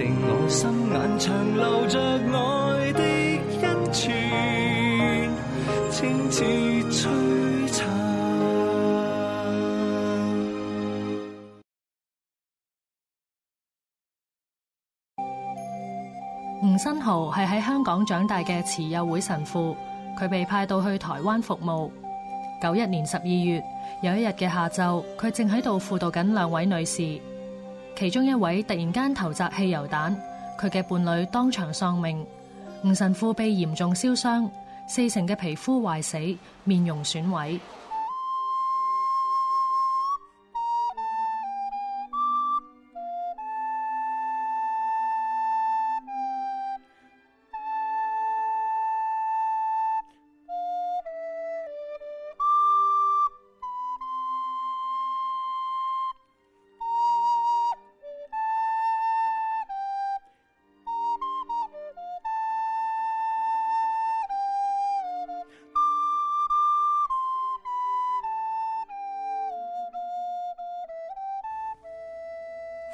令我心眼長留着愛的恩泉，清澈璀璨。吳新豪係喺香港長大嘅慈幼會神父，佢被派到去台灣服務。九一年十二月有一日嘅下晝，佢正喺度輔導緊兩位女士。其中一位突然間投擲汽油彈，佢嘅伴侶當場喪命，吳神父被嚴重燒傷，四成嘅皮膚壞死，面容損毀。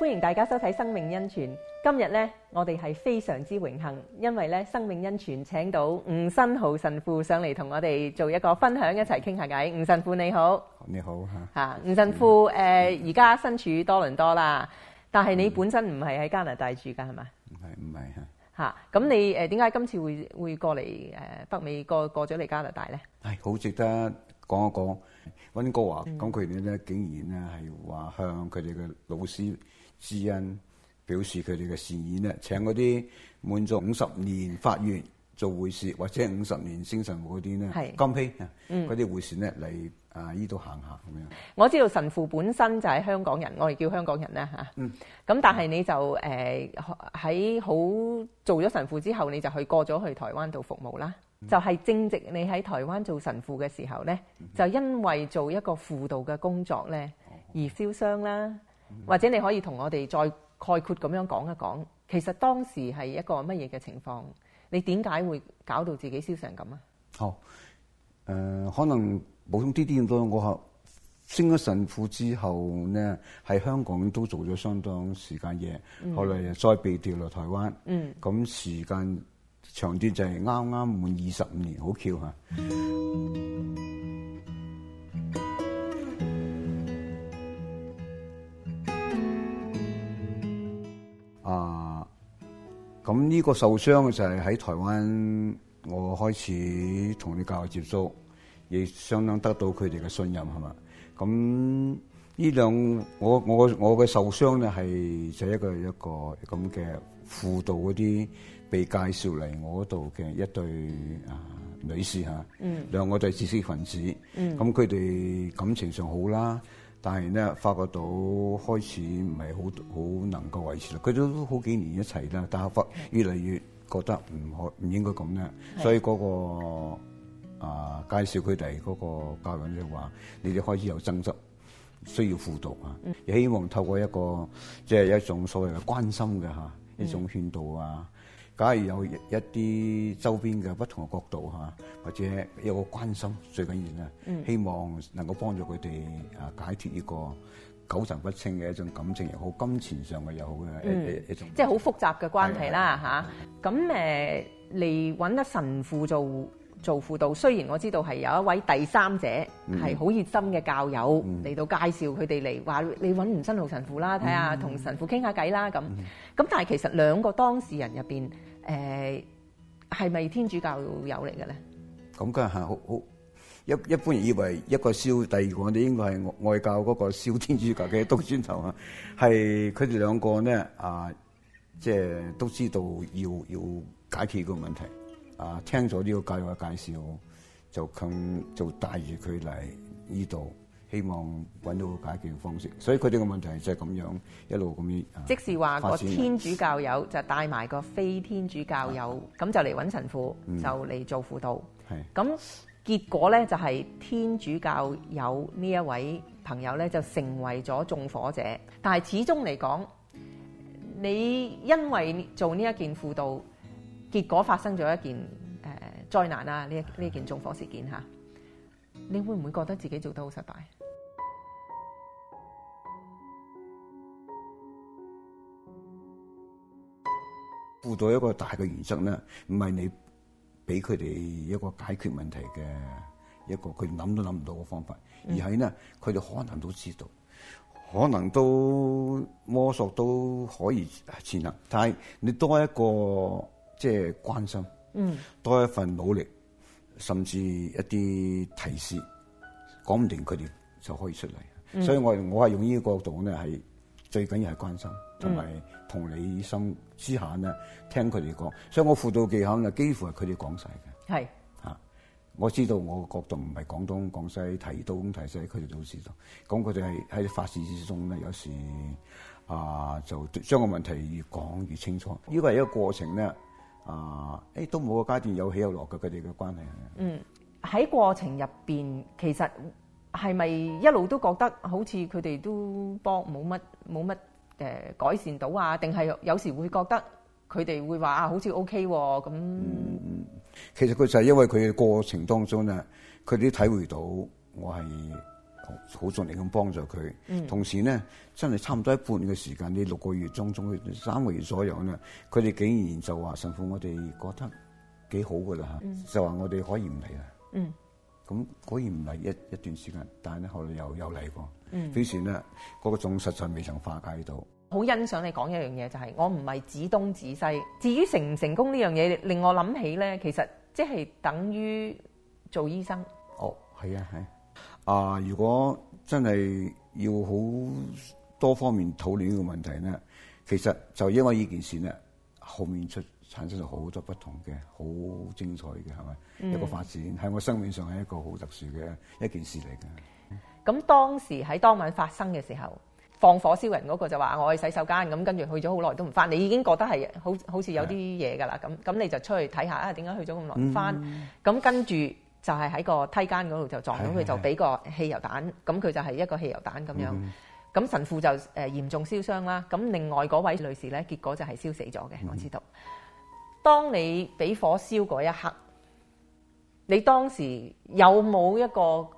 歡迎大家收睇《生命恩泉》。今日呢，我哋係非常之榮幸，因為呢，《生命恩泉》請到吳新豪神父上嚟同我哋做一個分享，一齊傾下偈。吳神父你好，你好吓吓。吳神父誒，而家、嗯呃、身處多倫多啦，但係你本身唔係喺加拿大住噶係嘛？唔係唔係吓吓。咁吧、啊、你誒，點解今次會會過嚟誒北美過過咗嚟加拿大呢？係好、哎、值得講一講溫哥華講，佢哋咧竟然咧係話向佢哋嘅老師。善恩表示佢哋嘅善意咧，請嗰啲滿足五十年發願做會士或者五十年精神的會嗰啲咧，金啊嗰啲會士咧嚟啊呢度行下咁樣。我知道神父本身就係香港人，我哋叫香港人啦吓，啊、嗯，咁但係你就誒喺好做咗神父之後，你就去過咗去台灣度服務啦。就係、是、正值你喺台灣做神父嘅時候咧，就因為做一個輔導嘅工作咧而燒傷啦。嗯嗯或者你可以同我哋再概括咁樣講一講，其實當時係一個乜嘢嘅情況？你點解會搞到自己燒成咁啊？好、哦，誒、呃，可能補充啲啲咁多。我升咗神父之後呢，喺香港都做咗相當時間嘢，後來再被調落台灣。嗯，咁時間長啲就係啱啱滿二十五年，好巧吓。嗯。咁呢個受傷就係喺台灣，我開始同啲教育接觸，亦相當得到佢哋嘅信任係嘛？咁呢兩我我我嘅受傷咧係就一個一個咁嘅輔導嗰啲被介紹嚟我嗰度嘅一對啊女士啊、嗯、兩兩個都係知識分子，咁佢哋感情上好啦、啊。但係咧，發覺到開始唔係好好能夠維持。佢都好幾年一齊啦，但係越嚟越覺得唔可唔應該咁咧。是的 所以嗰、那個啊介紹佢哋嗰個教員就話：你哋開始有增值，需要輔導啊，嗯、希望透過一個即係、就是、一種所謂嘅關心嘅嚇一種勸導啊。嗯假如有一啲周邊嘅不同嘅角度嚇，或者有個關心，最緊要咧，希望能夠幫助佢哋啊解決呢個糾纏不清嘅一種感情又好，金錢上嘅又好嘅一一種，即係好複雜嘅關係啦嚇。咁誒嚟揾得神父做做輔導，雖然我知道係有一位第三者係好、嗯、熱心嘅教友嚟、嗯、到介紹佢哋嚟話你揾唔真老神父啦，睇下同神父傾下偈啦咁。咁、嗯、但係其實兩個當事人入邊。誒係咪天主教友嚟嘅咧？咁梗係好好一一般，以為一個燒，第二個我哋應該係外，外教嗰個燒天主教嘅督磚頭 啊，係佢哋兩個咧啊，即係都知道要要解決個問題啊，聽咗呢個教育嘅介紹，就肯就帶住佢嚟呢度。希望揾到解決方式，所以佢哋嘅問題就係咁樣一路咁樣，樣即係話個天主教友就帶埋個非天主教友，咁的就嚟揾神父，嗯、就嚟做輔導。咁的結果咧就係、是，天主教友呢一位朋友咧就成為咗縱火者，但係始終嚟講，你因為做呢一件輔導，結果發生咗一件誒災難啦！呢的一呢件縱火事件嚇。你會唔會覺得自己做得好失敗？輔導一個大嘅原則咧，唔係你俾佢哋一個解決問題嘅一個佢諗都諗唔到嘅方法，嗯、而係呢，佢哋可能都知道，可能都摸索都可以潛能，但係你多一個即係、就是、關心，嗯，多一份努力。甚至一啲提示，講唔定佢哋就可以出嚟。嗯、所以我我係用呢個角度咧，係最緊要係關心，同埋同理心之下咧聽佢哋講。所以我輔導技巧咧，幾乎係佢哋講晒嘅。係是啊，我知道我個角度唔係廣東廣西、提到咁台西，佢哋都，都知道，咁佢哋係喺發事之中咧，有時啊就將個問題越講越清楚。呢、這個係一個過程咧。啊！都冇個階段有起有落嘅佢哋嘅關係。嗯，喺過程入面，其實係咪一路都覺得好似佢哋都幫冇乜冇乜改善到啊？定係有時會覺得佢哋會話啊，好似 OK 喎咁。嗯，其實佢就係因為佢嘅過程當中咧，佢哋都體會到我係。好盡力咁幫助佢，同時咧，真係差唔多一半嘅時間，你六個月中中三個月左右咧，佢哋竟然就話神父，我哋覺得幾好噶啦吓、嗯、就話我哋可以唔嚟啦。嗯，咁果然唔嚟一一段時間，但係咧後來又又嚟過。嗯，於是，咧嗰個腫實在未曾化解到。好欣賞你講一樣嘢，就係、是、我唔係指東指西。至於成唔成功呢樣嘢，令我諗起咧，其實即係等於做醫生。哦，係啊，係、啊。啊！如果真係要好多方面討論呢個問題咧，其實就因為呢件事咧，後面出產生咗好多不同嘅好精彩嘅係咪一個發展？喺我生命上係一個好特殊嘅一件事嚟嘅。咁、嗯、當時喺當晚發生嘅時候，放火燒人嗰個就話：我去洗手間，咁跟住去咗好耐都唔返。你已經覺得係好好似有啲嘢㗎啦。咁咁的你就出去睇下啊？點解去咗咁耐唔返？咁、嗯、跟住。就係喺個梯間嗰度就撞到佢，是的 佢就俾個汽油彈，咁佢是的 就係一個汽油彈咁樣。咁是的 神父就誒嚴重燒傷啦。咁另外嗰位女士咧，結果就係燒死咗嘅。我知道。是的 當你俾火燒嗰一刻，你當時有冇一個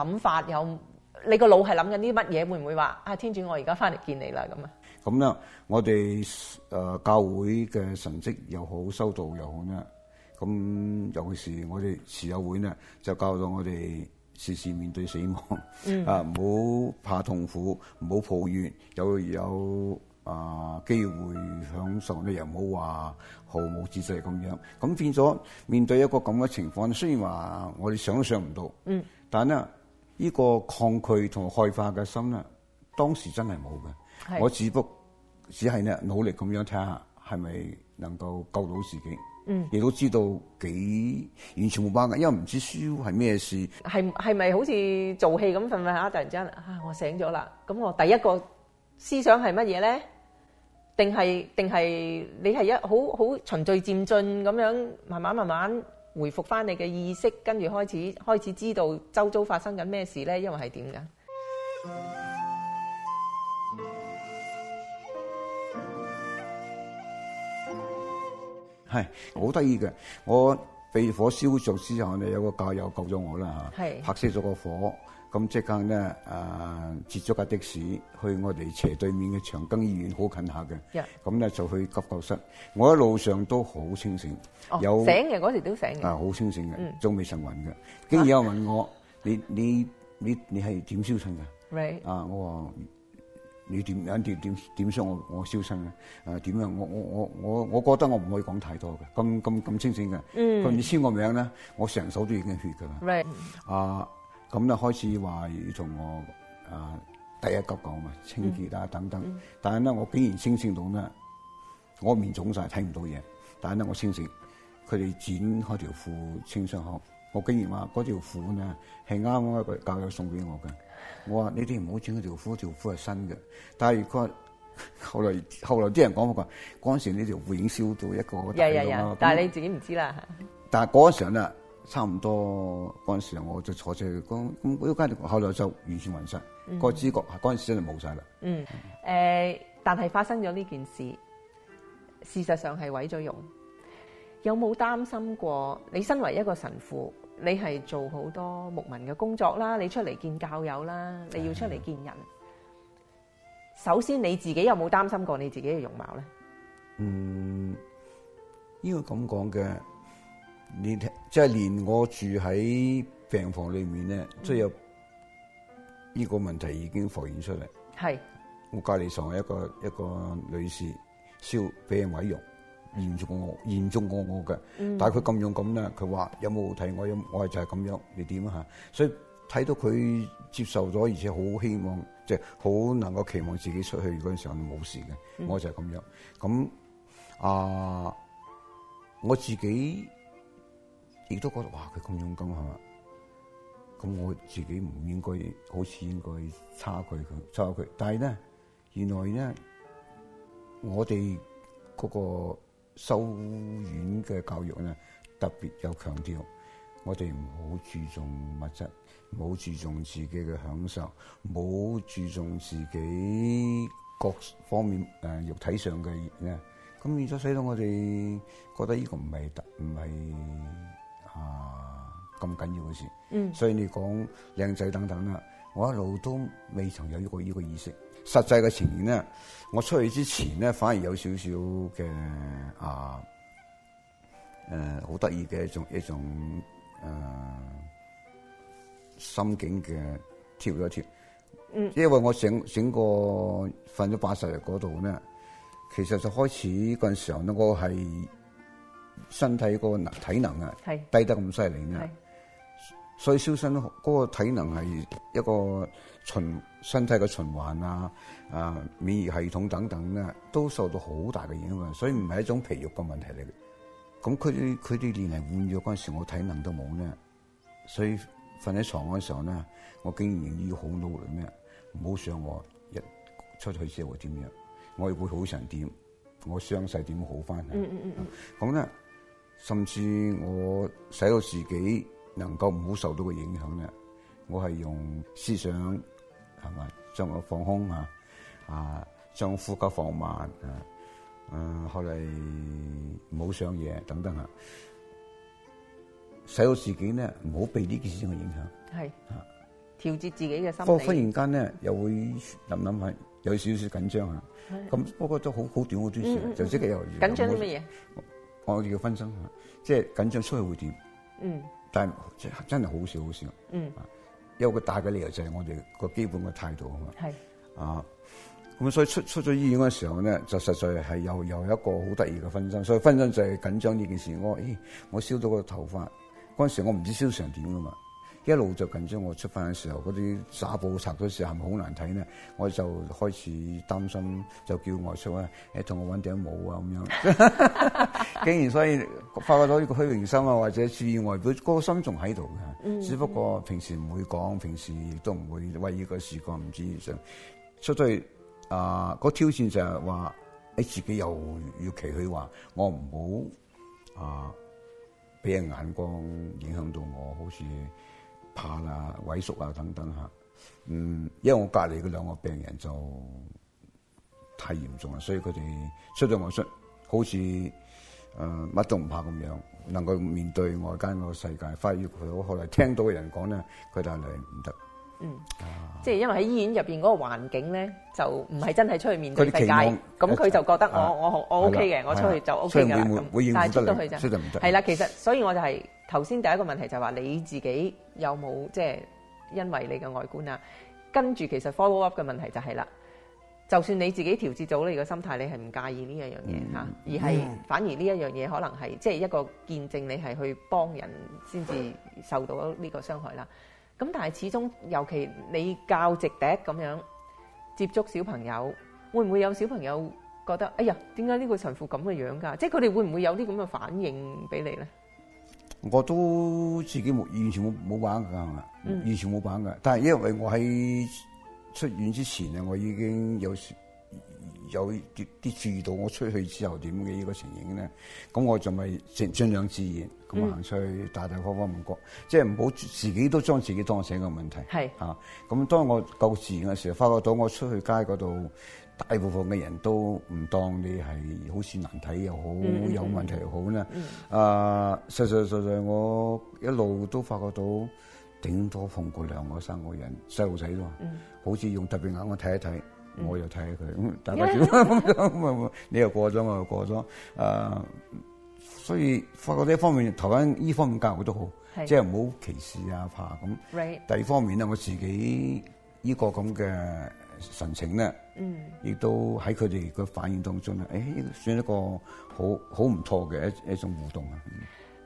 諗法？有你個腦係諗緊啲乜嘢？會唔會話啊？天主，我而家翻嚟見你啦咁啊？咁咧，我哋誒、呃、教會嘅神跡又好，修道又好咧。咁尤其是我哋持友會呢，就教到我哋時時面對死亡，嗯、啊唔好怕痛苦，唔好抱怨，有有啊、呃、機會享受呢又唔好話毫無節制，咁樣。咁變咗面對一個咁嘅情況，雖然話我哋想都想唔到，嗯、但呢、呢、呢個抗拒同害怕嘅心呢，當時真係冇嘅。是我只不只係呢努力咁樣睇下，係咪能夠救到自己。嗯，亦都知道幾完全冇把握，因為唔知書係咩事。係係咪好似做戲咁？瞓瞓下突然之間，啊，我醒咗啦！咁我第一個思想係乜嘢咧？定係定係你係一好好循序漸進咁樣，慢慢慢慢回復返你嘅意識，跟住開始開始知道周遭發生緊咩事咧？因為係點㗎？係，好得意嘅。我被火燒着之後咧，有個教友救咗我啦嚇，是拍熄咗個火，咁即刻咧誒，截咗架的士去我哋斜對面嘅長庚醫院，好近下嘅。咁咧、嗯、就去急救，救室，我一路上都好清醒，有、哦、醒嘅嗰時都醒嘅。好、啊、清醒嘅，仲未神魂嘅。跟住有人問我： 你你你你係點燒親㗎？Right. 啊，我話。你點點點點傷我我傷身嘅？誒點樣？我我我我我覺得我唔可以講太多嘅。咁咁咁清醒嘅。咁、嗯、你簽個名咧，我成手都已經血噶啦。啊 Right.、呃，咁咧開始話要同我誒、呃、第一急救嘛，清潔啊等等。嗯、但係咧我竟然清醒到咧，我面腫晒，睇唔到嘢。但係咧我清醒，佢哋剪開條褲清傷口，我竟然話嗰條褲咧係啱啱一個教友送俾我嘅。我話你哋唔好穿條褲，條褲係新嘅。但係如果後來後來啲人講過嗰時你條護影燒到一個，但係你自己唔知啦。但係嗰時咧，差唔多嗰時我就坐車去講，咁嗰間店後來就完全毀晒，個主角嗰陣時真係冇晒啦。嗯、mm，誒、hmm. uh,，但係發生咗呢件事，事實上係毀咗容。有冇擔心過？你身為一個神父？你係做好多牧民嘅工作啦，你出嚟見教友啦，你要出嚟見人。哎、呀 首先你自己有冇擔心過你自己嘅容貌咧？嗯，要咁講嘅，連即係連我住喺病房裏面咧，係、嗯、有呢個問題已經浮現出嚟。係是我隔籬床一個一個女士燒俾人毀容。嚴重過我，嚴重過我嘅，嗯、但係佢咁勇敢咧，佢話有冇好睇？我有，我係就係咁樣，你點啊吓？所以睇到佢接受咗，而且好希望，即係好能夠期望自己出去嗰陣時候冇事嘅，我、的、嗯、我就係咁樣。咁啊，我自己亦都覺得哇，佢咁勇敢係嘛？咁我自己唔應該，好似應該差佢佢，差佢。但係咧，原來咧，我哋嗰、那個。修院嘅教育咧，特別有強調，我哋唔好注重物質，冇注重自己嘅享受，冇注重自己各方面、呃、肉體上嘅嘢咧。咁變咗使到我哋覺得呢個唔係特，唔係啊咁緊要嘅事。嗯，所以你講靚仔等等啦，我一路都未曾有過呢個意識。實際嘅情形咧，我出去之前咧，反而有少少嘅啊，誒、呃，好得意嘅一種一種誒、呃、心境嘅跳咗跳。嗯。因為我整整個瞓咗八十日嗰度咧，其實就開始嗰陣時候呢，我係身體個能體能啊，係是低得咁犀利啊。所以消身嗰個體能係一個循身體嘅循環啊，啊免疫系統等等咧都受到好大嘅影響，所以唔係一種皮肉嘅問題嚟嘅。咁佢佢哋年齡換咗嗰陣時，我體能都冇咧。所以瞓喺床嗰陣時候咧，我竟然要好努力咩？唔好想我一出去之後會點樣，我亦會好成啲，我傷勢點好翻？咁咧、嗯嗯嗯啊，甚至我使到自己。能夠唔好受到個影響咧，我係用思想係咪將我放空啊？啊，將呼吸放慢啊？啊，後嚟唔好想嘢，等等啊！使到自己咧唔好被呢件事嘅影響，係吓調節自己嘅心。不過忽然間咧，又會諗諗下，有少少緊張啊！咁的不過都好好短好短時，嗯嗯、就即刻又緊張啲乜嘢？我要分身，即係緊張出去會點？嗯。但真係好少好少，因、嗯、有佢大嘅理由就係我哋個基本嘅態度啊嘛。是啊，咁所以出出咗醫院嘅時候咧，就實在係又又一個好得意嘅分身，所以分身就係緊張呢件事。我咦、哎，我燒到個頭髮，嗰時我唔知燒成點㗎嘛。一路就緊張，我出返嘅時候嗰啲紗布拆嗰時係咪好難睇咧？我就開始擔心，就叫外叔咧，同、哎、我揾頂帽啊咁樣。 竟然所以發覺到呢個虛榮心啊，或者注意外表，個心仲喺度嘅。只不過平時唔會講，平時亦都唔會為呢個事幹唔知想出咗去啊，呃個挑戰就係話你自己又要企佢話，我唔好啊俾人眼光影響到我，好似～怕啦，萎縮啊等等吓，嗯，因為我隔籬嘅兩個病人就太嚴重啦，所以佢哋出咗外出，好似誒，乜都唔怕咁樣，能夠面對外間嗰個世界。反而我後來聽到嘅人講咧，佢就係嚟唔得。嗯，即係因為喺醫院入邊嗰個環境咧，就唔係真係出去面對世界。咁佢中就覺得我、啊、我我 O K 嘅。了我出去就 O K 噶啦。但係出到去就係啦，其實所以我就係頭先第一個問題就係話你自己有冇即係因為你嘅外觀啊，跟住其實 follow up 嘅問題就係、是、啦，就算你自己調節到你嘅心態，你係唔介意呢一樣嘢吓，而係、嗯、反而呢一樣嘢可能係即係一個見證，你係去幫人先至受到呢個傷害啦。嗯咁但係始終，尤其你教直笛咁樣接觸小朋友，會唔會有小朋友覺得，哎呀，點解呢個神父咁嘅樣㗎？即係佢哋會唔會有啲咁嘅反應俾你咧？我都自己冇完全冇玩㗎，完全冇玩㗎。玩，嗯、但係因為我喺出院之前咧，我已經有，有啲注意到我出去之後點嘅呢個情形咧，咁我就咪盡盡量自然，咁行出去大大方方唔覺，嗯、即係唔好自己都將自己當成一個問題。係是啊，咁當我夠自然嘅時候，發覺到我出去街嗰度，大部分嘅人都唔當你係好似難睇又好、嗯、有問題又好咧。啊、嗯呃，實實實實，我一路都發覺到，頂多碰過兩個三個人，細路仔咯，嗯、好似用特別眼我睇一睇。Mm. 我又睇佢，大家 Yeah. 你又過咗，我又過咗，誒、呃，所以發覺呢一方面，台灣依方面教育都好，即係唔好歧視啊，怕咁。Right. 第二方面咧，我自己呢個咁嘅神情咧，嗯，亦都喺佢哋嘅反應當中咧，誒、欸，算一個好好唔錯嘅一,一種互動啊。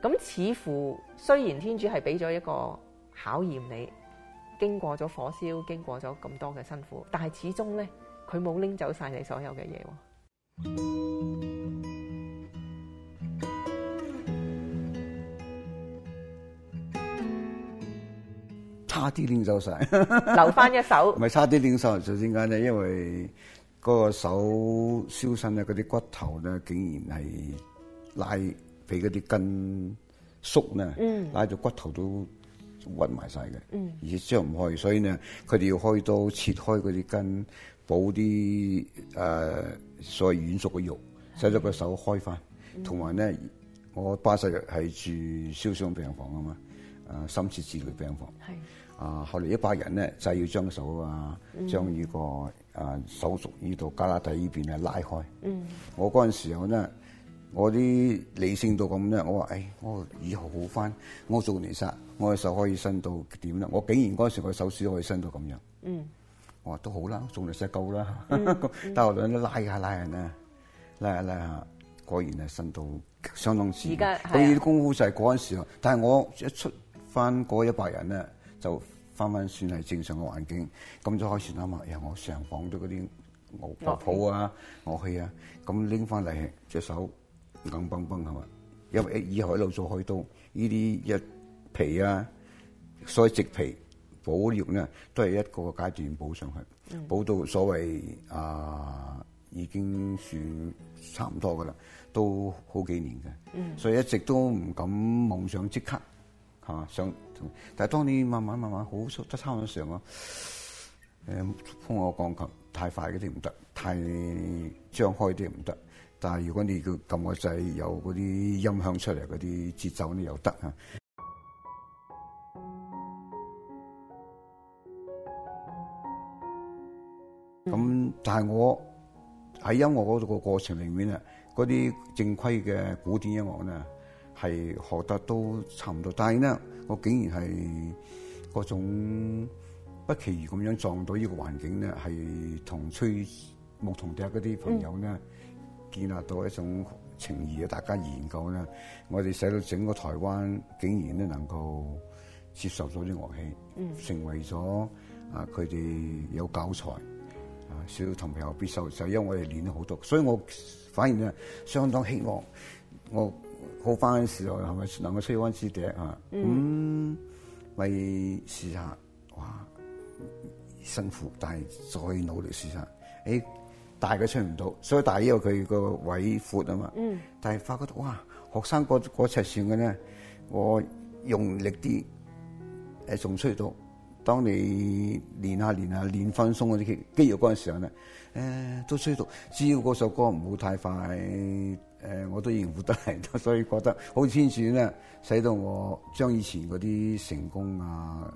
咁似乎雖然天主係俾咗一個考驗你，經過咗火燒，經過咗咁多嘅辛苦，但係始終咧。佢冇拎走曬你所有嘅嘢喎，差啲拎走曬，留翻一手，唔係差啲拎走。首先解咧，因為嗰個手燒身咧，嗰啲骨頭咧，竟然係拉俾嗰啲筋縮咧，拉到骨頭都韞埋曬嘅，而且張唔開，所以咧佢哋要開刀切開嗰啲筋。冇啲誒所謂軟熟嘅肉，使咗個手開翻，同埋咧我八十日係住燒傷病房啊嘛，啊深切治療病房，的啊後嚟一百人咧就係、是、要將個手啊，將呢、嗯、個啊手熟呢度加拉底呢邊啊拉開，嗯、我嗰陣時候真我啲理性到咁咧，我話誒、哎、我以後好翻，我做完晒，我嘅手可以伸到點啦，我竟然嗰時我手指都可以伸到咁樣。嗯我都好啦，仲嚟真係啦，但係我兩都拉下拉下呢，拉下拉下，果然係升到相當之，所以功夫就係嗰陣時。但係我一出翻嗰一百人咧，就翻翻算係正常嘅環境，咁就開始諗啊，然後我上放咗嗰啲牛白脯啊、樂器啊，咁拎翻嚟隻手硬崩崩係嘛，因為以後一路做開刀，呢啲一皮啊、所以植皮。補業咧都係一個個階段補上去，補、嗯、到所謂啊已經算差唔多噶啦，都好幾年嘅，嗯、所以一直都唔敢妄想即刻嚇想。但係當你慢慢慢慢好熟，得差唔多時候啊，誒、嗯呃，碰鋼琴太快嗰啲唔得，太張開啲唔得。但如果你叫撳個掣有嗰啲音響出嚟嗰啲節奏咧又得啊。咁、嗯、但係我喺音樂嗰個過程裏面啊，啲正規嘅古典音樂咧，係學得都差唔多。但係咧，我竟然係嗰種不期而咁樣撞到這個呢個環境咧，係同吹牧童笛啲朋友咧，嗯、建立到一種情誼啊！大家研究咧，我哋使到整個台灣竟然都能夠接受到啲樂器，嗯、成為咗啊！佢哋有教材。少同朋友必手，就因為我哋練咗好多，所以我反而啊，相當希望我好翻嘅時候，係咪能夠吹翻支笛啊？咁咪、嗯嗯、試下，哇，辛苦，但係再努力試下，誒、哎，大嘅出唔到，所以大啲，因佢個位闊啊嘛。嗯。但係發覺到哇，學生嗰尺寸嘅咧，我用力啲，誒，仲出到。當你練下練下練翻鬆嗰啲肌肉嗰陣時啊，誒、呃、都舒服。只要嗰首歌唔好太快，誒、呃、我都完全得嚟，所以覺得好似天選啊！使到我將以前嗰啲成功啊，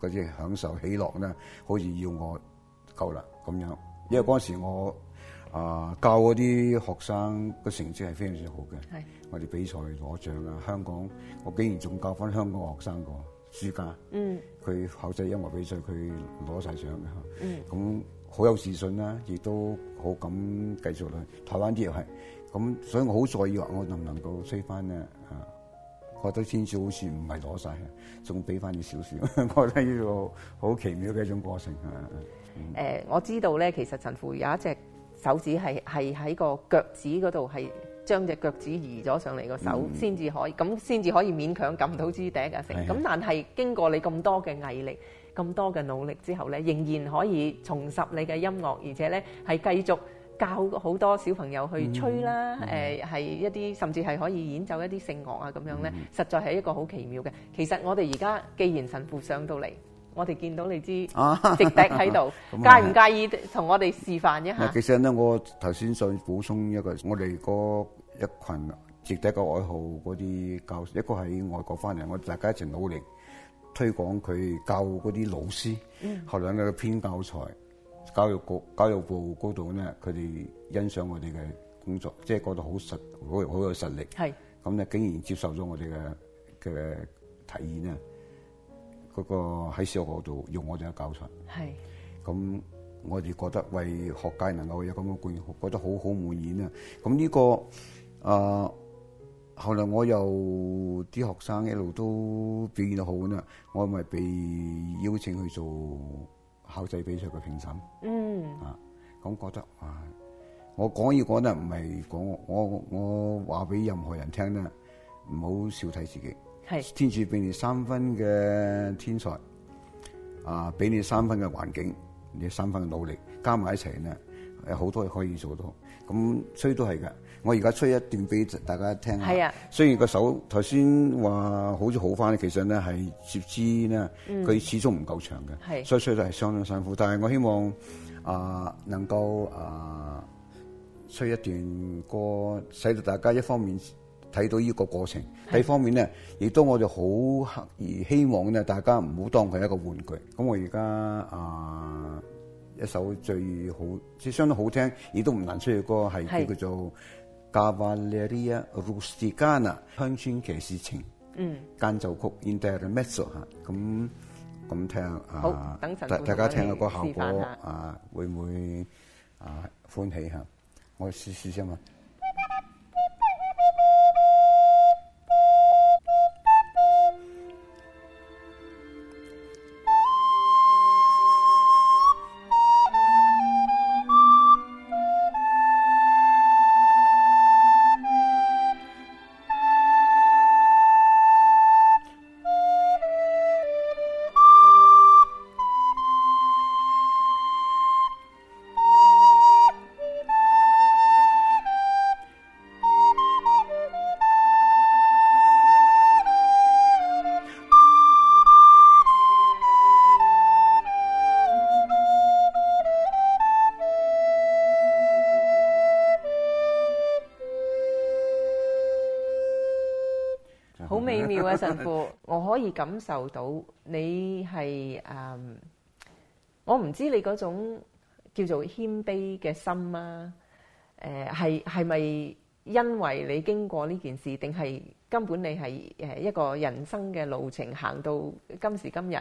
嗰啲享受喜樂咧，好似要我夠啦咁樣。因為嗰陣時我啊、呃、教嗰啲學生嘅成績係非常之好嘅，的我哋比賽攞獎啊，香港我竟然仲教翻香港的學生個。暑假，佢校際音樂比賽佢攞晒獎嘅嚇，咁好、嗯、有自信啦，亦都好敢繼續去。台灣啲又係，咁所以我好在意話我能唔能夠吹翻咧嚇、啊。覺得天少好似唔係攞晒嘅，仲俾翻啲少少，覺得呢個好奇妙嘅一種過程嚇。誒、啊嗯呃，我知道咧，其實陳父有一隻手指係係喺個腳趾嗰度係。將隻腳趾移咗上嚟，個手先至可以，咁先至可以勉強撳到支笛嘅聲。咁的但係經過你咁多嘅毅力、咁的多嘅努力之後咧，仍然可以重拾你嘅音樂，而且咧係繼續教好多小朋友去吹啦。誒係、嗯呃、一啲甚至係可以演奏一啲聖樂啊咁樣咧，嗯、實在係一個好奇妙嘅。其實我哋而家既然神父上到嚟，我哋見到你支直笛喺度，啊、 是介唔介意同我哋示範一下？其實咧，我頭先想補充一個，我哋個。一群值得一個愛好嗰啲教師，一個喺外國翻嚟，我哋大家一齊努力推廣佢教嗰啲老師，後、嗯、兩個編教材，教育局、教育部嗰度咧，佢哋欣賞我哋嘅工作，即係覺得好實，好好有實力。係咁咧，竟然接受咗我哋嘅嘅提議咧，嗰個喺小學度用我哋嘅教材。係咁是，我哋覺得為學界能夠有咁嘅觀，覺得好好滿意啊！咁呢、呢個。啊！後來我又啲學生一路都表現得好啦，我咪被邀請去做校際比賽嘅評審。嗯。啊，咁覺得啊，我講要講得唔係講我我我話俾任何人聽咧，唔好小睇自己。係。是 天賜俾你三分嘅天才，啊，俾你三分嘅環境，你三分嘅努力加埋一齊咧，有好多嘢可以做到。咁所以都係嘅。我而家出一段俾大家聽啊！雖然個手頭先話好似好返，其實咧係截肢咧，佢始終唔夠長嘅，是所以所以都係相當辛苦。但係我希望啊、呃，能夠啊，吹、呃、一段歌，使到大家一方面睇到呢個過程，第二是方面咧，亦都我哋好刻意希望咧，大家唔好當佢係一個玩具。咁我而家啊一首最好即係相當好聽，亦都唔難出嘅歌，係是叫做。《Cavalleria Rusticana》鄉村騎士情，嗯，間奏曲《Intermezzo》嚇，咁咁聽嚇，大大家聽下個效果啊，會唔會啊歡喜嚇？我試試先啊。神父， 我可以感受到你係誒、嗯，我唔知你嗰種叫做謙卑嘅心啊，誒係係咪因為你經過呢件事，定係根本你係誒一個人生嘅路程行到今時今日誒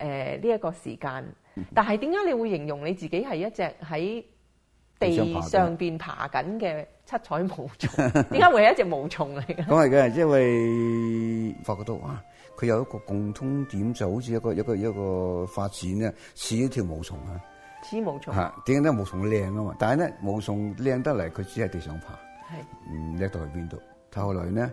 呢一個時間？ 但係點解你會形容你自己係一隻喺，地上邊爬緊嘅七彩毛蟲，點解會係一隻毛蟲嚟嘅？咁係嘅，因為發覺到啊，佢有一個共通點，就好似一個一個一個，一個發展啊，似一條毛蟲啊，似毛蟲。吓，點解呢？毛蟲靚啊嘛，但係呢毛蟲靚得嚟，佢只係地上爬，係唔叻到去邊度？後來呢？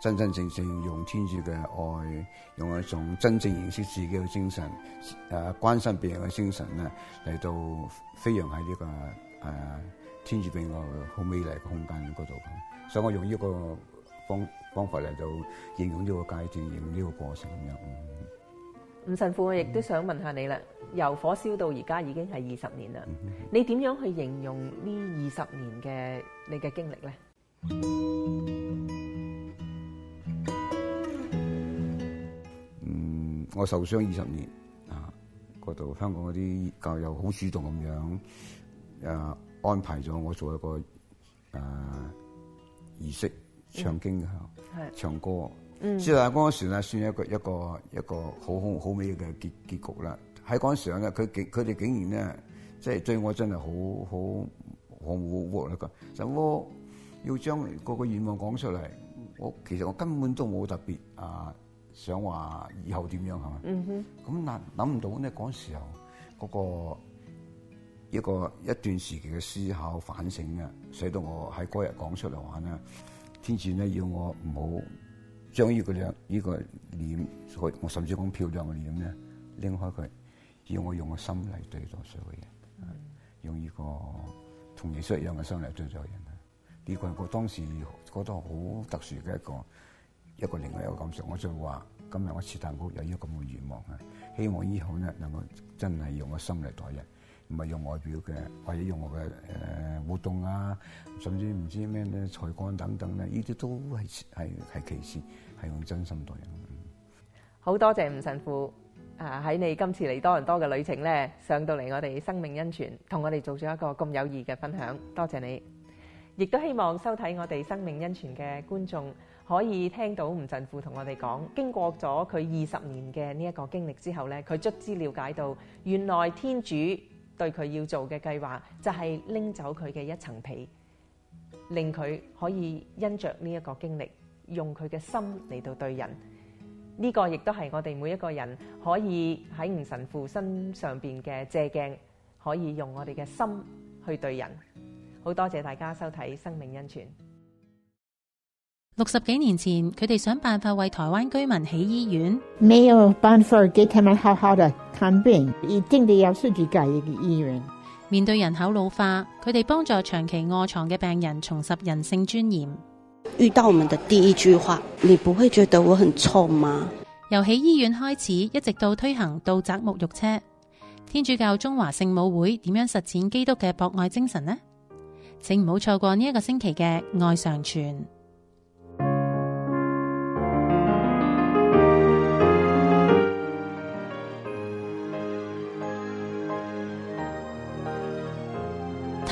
真真正正用天主嘅愛，用一種真正認識自己嘅精神，誒、啊、關心別人嘅精神咧，嚟到飛揚喺呢個誒、啊、天主嘅愛好美麗嘅空間嗰度。所以我用呢一個方方法嚟到形容呢個階段，形容呢個過程咁樣。吳神父，我亦都想問下你啦，嗯、由火燒到而家已經係二十年啦，嗯嗯你點樣去形容這的的呢二十年嘅你嘅經歷咧？嗯我受傷二十年啊，嗰度香港嗰啲教友好主動咁樣，誒、啊、安排咗我做一個誒儀、啊、式唱經、mm. 唱歌。所以話嗰時啊，算一個一個一個好好好美好嘅結結局啦。喺嗰時候咧，佢佢哋竟然咧，即、就、係、是、對我真係好好好。睦一個。什要將個個願望講出嚟？我，來我其實我根本都冇特別啊。想話以後點樣係嘛？咁諗諗唔到咧，嗰時候嗰、嗰個一個一段時期嘅思考反省啊，使到我喺嗰日講出嚟話咧，天主咧要我唔好將呢、呢個樣依、呢個臉，我甚至講漂亮嘅臉咧，拎開佢，要我用個心嚟對待所有嘢，嗯、用呢、呢個同耶穌一樣嘅心嚟對待人啊！呢個、嗯、係我當時覺得好特殊嘅一個。一個另外一個感受，我就話今日我斯蛋糕，有一個咁嘅願望啊！希望以後咧能夠真係用個心嚟待人，唔係用外表嘅，或者用我嘅誒活動啊，甚至唔知咩咧才幹等等咧，呢啲都係係係其次，係用真心待人。好多謝吳神父啊！喺你今次嚟多倫多嘅旅程咧，上到嚟我哋生命恩泉，同我哋做咗一個咁有意義嘅分享，多謝你！亦都希望收睇我哋生命恩泉嘅觀眾。可以聽到吳神父同我哋講，經過咗佢二十年嘅呢一個經歷之後咧，佢卒之了解到，原來天主對佢要做嘅計劃就係拎走佢嘅一層皮，令佢可以因着呢一個經歷，用佢嘅心嚟到對人。呢個亦都係我哋每一個人可以喺吳神父身上邊嘅借鏡，可以用我哋嘅心去對人。好多謝大家收睇《生命恩泉》。六十幾年前，佢哋想辦法為台灣居民起醫院，沒有辦法給他們好好的看病，一定得要需要改一個醫院。面對人口老化，佢哋幫助長期卧床嘅病人重拾人性尊嚴。遇到我們的第一句話，你不會覺得我很臭嗎？由起醫院開始，一直到推行到宅沐浴車，天主教中華聖母會點樣實踐基督嘅博愛精神呢？請唔好錯過呢一個星期嘅愛上傳。